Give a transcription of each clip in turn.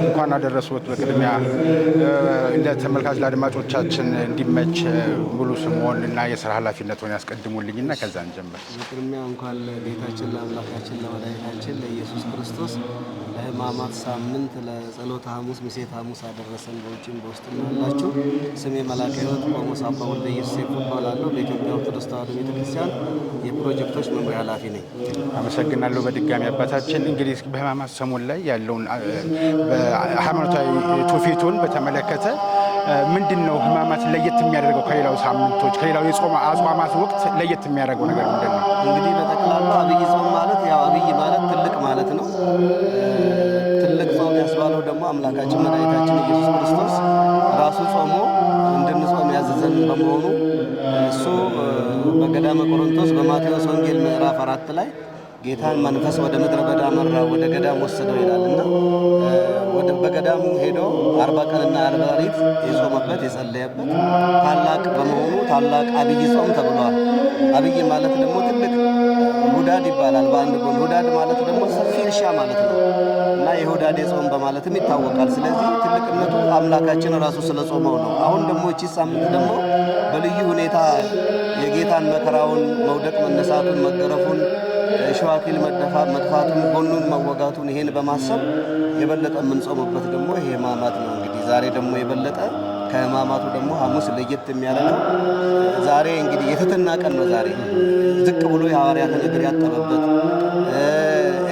እንኳን አደረሱት። በቅድሚያ ለተመልካች ለአድማጮቻችን እንዲመች ሙሉ ስምዎን እና የስራ ኃላፊነትን ያስቀድሙልኝ እና ከዛ እንጀምር። በቅድሚያ እንኳን ለጌታችን ለአምላካችን ለመድኃኒታችን ለኢየሱስ ክርስቶስ ለህማማት ሳምንት ለጸሎተ ሐሙስ ምሴት ሐሙስ አደረሰን። በውጭም በውስጥም ያላችሁ ስሜ መላከ ሕይወት ቆሞስ አባ ወልደ ዮሴፍ እባላለሁ። በኢትዮጵያ ኦርቶዶክስ ተዋሕዶ ቤተክርስቲያን የፕሮጀክቶች መምሪያ ኃላፊ ነኝ። አመሰግናለሁ። በድጋሚ አባታችን እንግዲህ በህማማት ሰሞን ላይ ያለውን ሃይማኖታዊ ትውፊቱን በተመለከተ ምንድን ነው ህማማት ለየት የሚያደርገው ከሌላው ሳምንቶች ከሌላው የጾም አጽዋማት ወቅት ለየት የሚያደርገው ነገር ምንድን ነው? እንግዲህ በጠቅላላ አብይ ጾም ማለት ያው አብይ ማለት ትልቅ ማለት ነው። ትልቅ ጾም ያስባለው ደግሞ አምላካችን መድኃኒታችን ኢየሱስ ክርስቶስ ራሱ ጾሞ እንድንጾም ያዘዘን በመሆኑ እሱ በገዳመ ቆሮንቶስ በማቴዎስ ወንጌል ምዕራፍ አራት ላይ ጌታን መንፈስ ወደ ምድረ በዳ መራ ወደ ገዳም ወሰደው ይላል እና ወደ በገዳሙ ሄዶ አርባ ቀንና አርባ ሌሊት የጾመበት የጸለየበት ታላቅ በመሆኑ ታላቅ አብይ ጾም ተብሏል። አብይ ማለት ደግሞ ትልቅ ሁዳድ ይባላል። በአንድ ጎን ሁዳድ ማለት ደግሞ ሰፊ እርሻ ማለት ነው እና የሁዳዴ ጾም በማለትም ይታወቃል። ስለዚህ ትልቅነቱ አምላካችን ራሱ ስለ ጾመው ነው። አሁን ደግሞ እቺ ሳምንት ደግሞ በልዩ ሁኔታ የጌታን መከራውን፣ መውደቅ መነሳቱን፣ መገረፉን፣ ሸዋኪል መጥፋቱን፣ ጎኑን መወጋቱን ይሄን በማሰብ የበለጠ የምንጾምበት ደግሞ ይሄ ሕማማት ነው። እንግዲህ ዛሬ ደግሞ የበለጠ ከህማማቱ ደግሞ ሐሙስ ለየት ነው። ዛሬ እንግዲህ የትህትና ቀን ነው። ዛሬ ዝቅ ብሎ የሐዋርያትን እግር ያጠበበት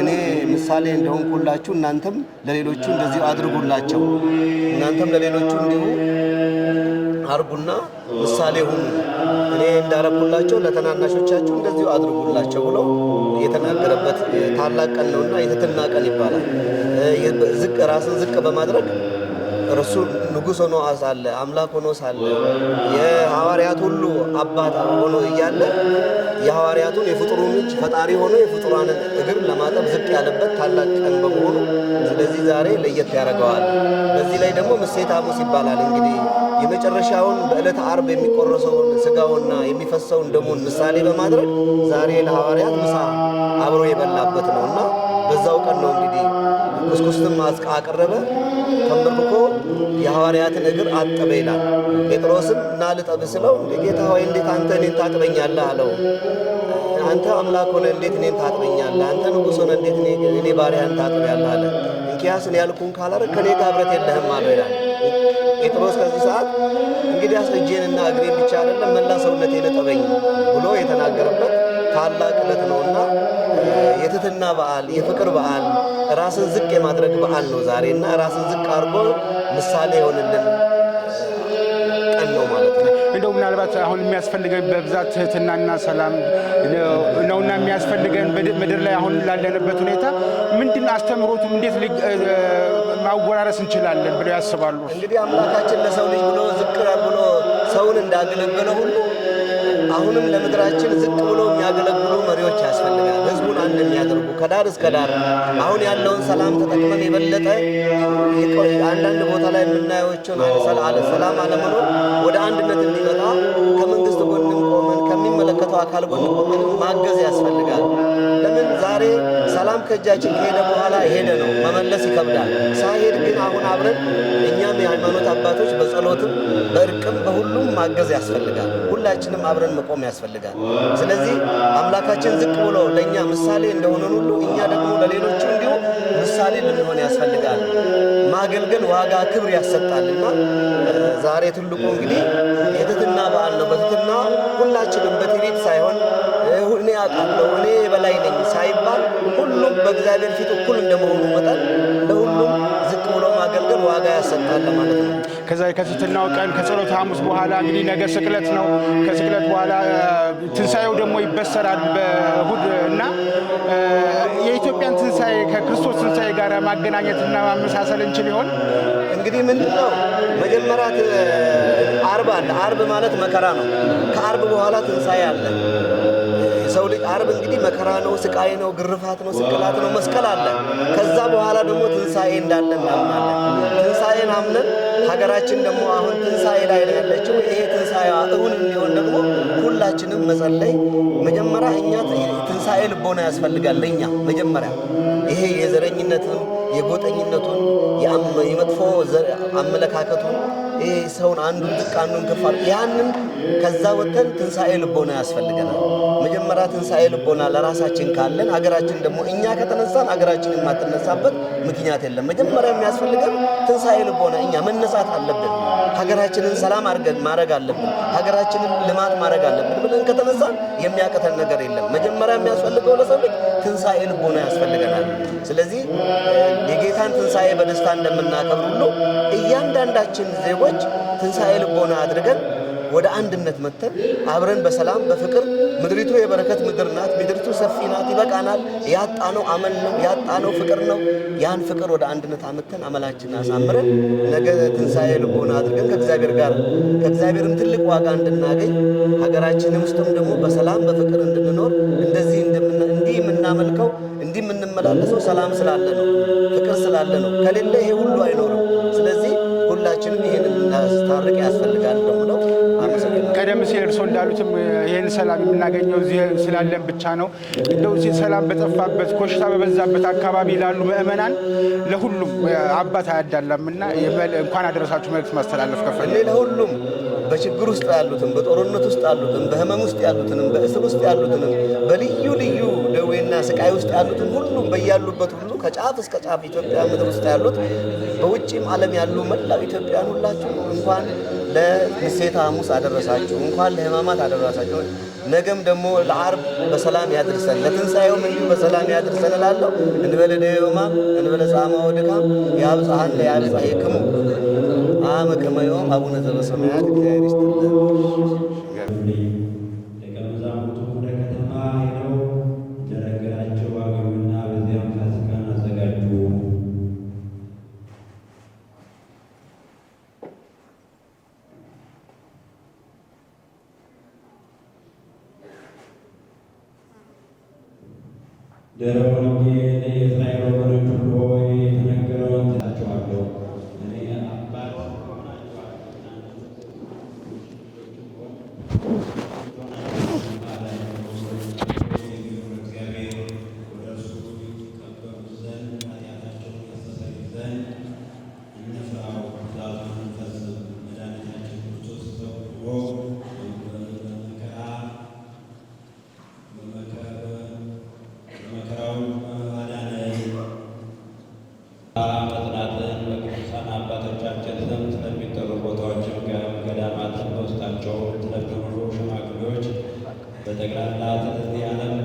እኔ ምሳሌ እንደሆንኩላችሁ እናንተም ለሌሎቹ እንደዚሁ አድርጉላቸው። እናንተም ለሌሎቹ እንዲሁ አርጉና ምሳሌ ሁኑ፣ እኔ እንዳረጉላቸው ለተናናሾቻችሁ እንደዚሁ አድርጉላቸው ብለው የተናገረበት ታላቅ ቀን ነውና የትህትና ቀን ይባላል። ራስን ዝቅ በማድረግ እርሱ ንጉሥ ሆኖ ሳለ አምላክ ሆኖ ሳለ የሐዋርያት ሁሉ አባት ሆኖ እያለ የሐዋርያቱን የፍጡሩን እጅ ፈጣሪ ሆኖ የፍጡራንን እግር ለማጠብ ዝቅ ያለበት ታላቅ ቀን በመሆኑ ስለዚህ ዛሬ ለየት ያደርገዋል። በዚህ ላይ ደግሞ ምሴተ ሐሙስ ይባላል። እንግዲህ የመጨረሻውን በዕለተ ዓርብ የሚቆረሰውን ስጋውና የሚፈሰውን ደሙን ምሳሌ በማድረግ ዛሬ ለሐዋርያት ምሳ አብሮ የበላበት ነው እና በዛው ቀን ነው እንግዲህ kusኩስትም አዝቃ አቀረበ፣ ተንበርክኮ የሐዋርያትን እግር አጠበ ይላል። ጴጥሮስም እና ልጠብ ስለው ጌታ ሆይ እንዴት አንተ እኔን ታጥበኛለህ አለው። አንተ አምላክ ሆነ እንዴት እኔን ታጥበኛለህ? አንተ ንጉሥ ሆነ እንዴት እኔ ባሪያን ታጥበኛለህ አለ። እንኪያስ እኔ ያልኩህን ካላደረግ ከእኔ ጋር ኅብረት የለህም አለው ይላል። ጴጥሮስ ከዚህ ሰዓት እንግዲያስ እጄንና እግሬን ብቻ አይደለም መላ ሰውነቴን እጠበኝ ብሎ የተናገረበት ታላቅ ዕለት ነውና የትሕትና በዓል፣ የፍቅር በዓል ራስን ዝቅ የማድረግ በዓል ነው ዛሬ እና ራስን ዝቅ አድርጎ ምሳሌ የሆንልን ቀን ነው ማለት ነው። እንደው ምናልባት አሁን የሚያስፈልገን በብዛት ትህትናና ሰላም ነውና የሚያስፈልገን ምድር ላይ አሁን ላለንበት ሁኔታ ምንድን አስተምሮቱም እንዴት ማወራረስ እንችላለን ብለው ያስባሉ? እንግዲህ አምላካችን ለሰው ልጅ ብሎ ዝቅ ብሎ ሰውን እንዳገለገለ ሁሉ አሁንም ለምድራችን ዝቅ ብሎ የሚያገለግሉ መሪዎች ያስፈልጋል። ህዝቡን አንድ የሚያደርጉ ከዳር እስከ ዳር አሁን ያለውን ሰላም ተጠቅመን የበለጠ አንዳንድ ቦታ ላይ የምናያቸውን ሰላም አለመኖር ወደ አንድነት እንዲመጣ ከመንግስት ጎንም ቆመን ከሚመለከተው አካል ጎን ቆመን ማገዝ ያስፈልጋል። ለምን ዛሬ ሰላም ከእጃችን ከሄደ በኋላ ሄደ ነው መመለስ ይከብዳል። ሳይሄድ ግን አሁን አብረን እኛም የሃይማኖት አባቶች በጸሎትም በእርቅም በሁሉም ማገዝ ያስፈልጋል። ሁላችንም አብረን መቆም ያስፈልጋል። ስለዚህ አምላካችን ዝቅ ብሎ ለእኛ ምሳሌ እንደሆነን ሁሉ እኛ ደግሞ ለሌሎቹ እንዲሁ ምሳሌ ልንሆን ያስፈልጋል። ማገልገል ዋጋ ክብር ያሰጣልና ዛሬ ትልቁ እንግዲህ የትትና በዓል ነው። በትትና ሁላችንም በትዕቢት ሳይሆን እኔ አውቃለሁ እኔ በላይ ነኝ ሳይባል ሁሉም በእግዚአብሔር ፊት እኩል እንደመሆኑ መጠን ለሁሉም አብሮ ማገልገል ዋጋ ያሰጣል ማለት ነው። ከዛ ከፍትናው ቀን ከጸሎት ሐሙስ በኋላ እንግዲህ ነገ ስቅለት ነው። ከስቅለት በኋላ ትንሣኤው ደግሞ ይበሰራል በእሁድ እና የኢትዮጵያን ትንሣኤ ከክርስቶስ ትንሣኤ ጋር ማገናኘትና ማመሳሰል እንችል ይሆን? እንግዲህ ምንድን ነው መጀመሪያ አርብ አለ። አርብ ማለት መከራ ነው። ከአርብ በኋላ ትንሣኤ አለ። የሰው ልጅ አርብ እንግዲህ መከራ ነው፣ ስቃይ ነው፣ ግርፋት ነው፣ ስቅላት ነው፣ መስቀል አለ። ከዛ በኋላ ደግሞ ትንሣኤ እንዳለ እናምናለን። ትንሣኤን አምነን ሀገራችን ደግሞ አሁን ትንሣኤ ላይ ነው ያለችው። ይሄ ትንሣኤ እውን እንዲሆን ደግሞ ሁላችንም መጸለይ መጀመሪያ እኛ ትንሣኤ ልቦና ያስፈልጋል። ለእኛ መጀመሪያ ይሄ የዘረኝነትን የጎጠኝነቱን የመጥፎ አመለካከቱን ይህ ሰውን አንዱን ጥቅ አንዱን ክፋል ያንን ከዛ ወጥተን ትንሣኤ ልቦና ያስፈልገናል። መጀመሪያ ትንሣኤ ልቦና ለራሳችን ካለን አገራችን ደግሞ እኛ ከተነሳን አገራችን የማትነሳበት ምክንያት የለም። መጀመሪያ የሚያስፈልገን ትንሣኤ ልቦና፣ እኛ መነሳት አለብን። ሀገራችንን ሰላም አድርገን ማድረግ አለብን። ሀገራችንን ልማት ማድረግ አለብን ብለን ከተነሳን የሚያቀተን ነገር የለም። መጀመሪያ የሚያስፈልገው ለሰው ልጅ ትንሣኤ ልቦና ያስፈልገናል። ስለዚህ የጌታን ትንሣኤ በደስታ እንደምናከብር ሁሉ እያንዳንዳችን ዜጎች ትንሣኤ ልቦና አድርገን ወደ አንድነት መጥተን አብረን በሰላም በፍቅር ምድሪቱ የበረከት ምድር ናት፣ ምድሪቱ ሰፊ ናት፣ ይበቃናል። ያጣነው አመል ነው፣ ያጣነው ፍቅር ነው። ያን ፍቅር ወደ አንድነት አመተን አመላችን አሳምረን ነገ ትንሣኤ ልቦና አድርገን ከእግዚአብሔር ጋር ከእግዚአብሔርም ትልቅ ዋጋ እንድናገኝ ሀገራችን ውስጥም ደግሞ በሰላም በፍቅር እንድንኖር እንደዚህ እንዲህ የምናመልከው እንዲህ የምንመላለሰው ሰላም ስላለ ነው፣ ፍቅር ስላለ ነው። ከሌለ ይሄ ሁሉ አይኖርም። ስለዚህ ሁላችንም ይህን እናስታርቅ ያስፈልጋል ነው ቀደም ሲል እርሶ እንዳሉትም ይህን ሰላም የምናገኘው እዚህ ስላለን ብቻ ነው። እንደው ሰላም በጠፋበት ኮሽታ በበዛበት አካባቢ ላሉ ምእመናን ለሁሉም አባት አያዳላም እና እንኳን አደረሳችሁ መልእክት ማስተላለፍ ከፈል ለሁሉም በችግር ውስጥ ያሉትን፣ በጦርነት ውስጥ ያሉትን፣ በህመም ውስጥ ያሉትንም፣ በእስር ውስጥ ያሉትንም፣ በልዩ ልዩ ደዌና ስቃይ ውስጥ ያሉትን ሁሉም በያሉበት ሁሉ ከጫፍ እስከ ጫፍ ኢትዮጵያ ምድር ውስጥ ያሉት በውጭም ዓለም ያሉ መላው ኢትዮጵያን ሁላችሁ እንኳን ለምሴተ ሐሙስ አደረሳችሁ፣ እንኳን ለሕማማት አደረሳችሁ። ነገም ደግሞ ለዓርብ በሰላም ያድርሰን፣ ለትንሣኤውም እንዲሁ በሰላም ያድርሰን እላለሁ። እንበለ ደዮማ እንበለ ጻማ ወድቃ ያብጽሐነ ያብጽሕክሙ አመ ከመ ዮም አቡነ ዘበሰማያት እግዚአብሔር ይስጥልን። መጽናትን በቅዱሳን አባቶቻችን ስም ስለሚጠሩ ቦታዎችን ገዳማትን በውስጣቸው ስለሚኖሩ ሽማግሌዎች በጠቅላላ ስለዚህ ዓለም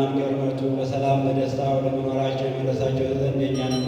መንገድ መጡ። በሰላም በደስታ ወደ መኖራቸው የሚረሳቸው ዘንድ የእኛንም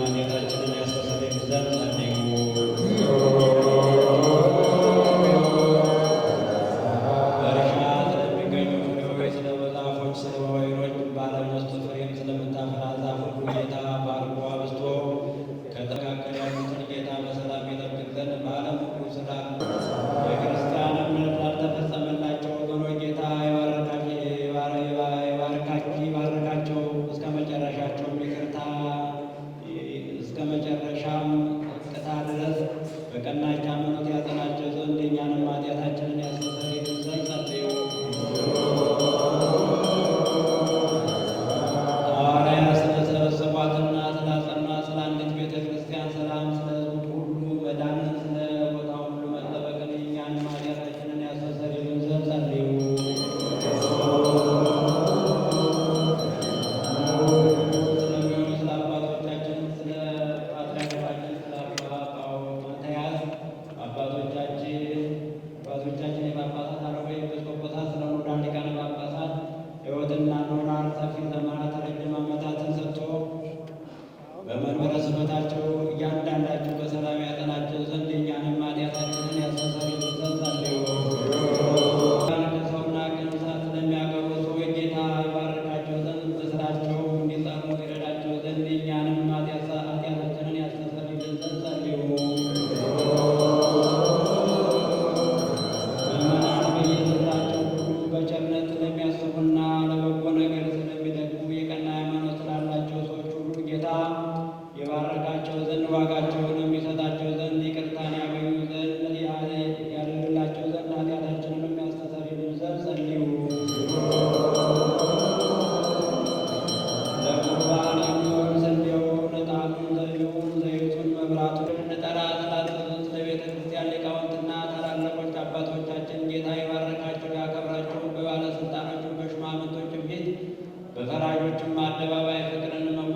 ጌታ የባረካቸው ዘንድ ዋጋቸውንም ይሰጣቸው ዘንድ ይቅርታን ያገኙ ዘንድ ያደርግላቸው ዘንድ ኃጢአታችንንም ያስተሰርይሉ ዘንድ ጸልዩ። ለቁርባን የሚሆን አባቶቻችን በፈራጆችም አደባባይ ፍቅርን መሙ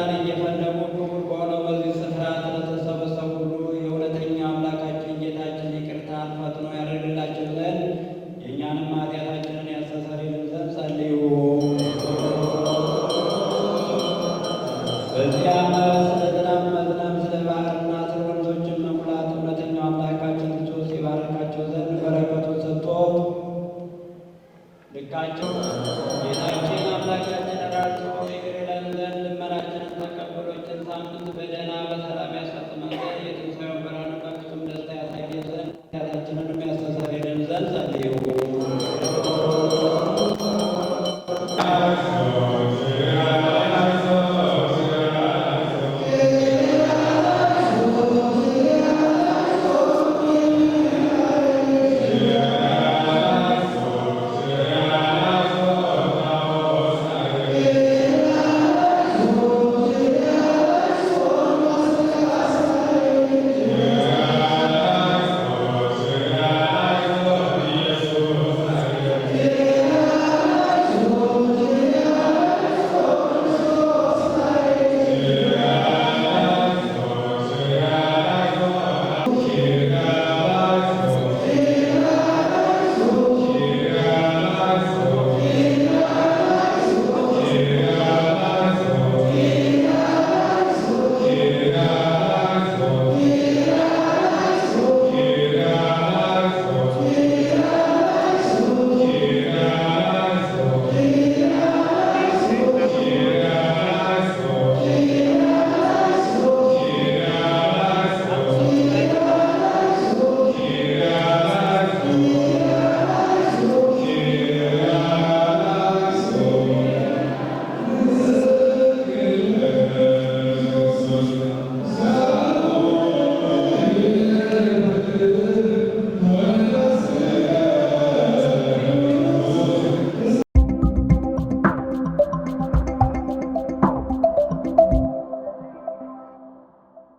ትዳር እየፈለጉ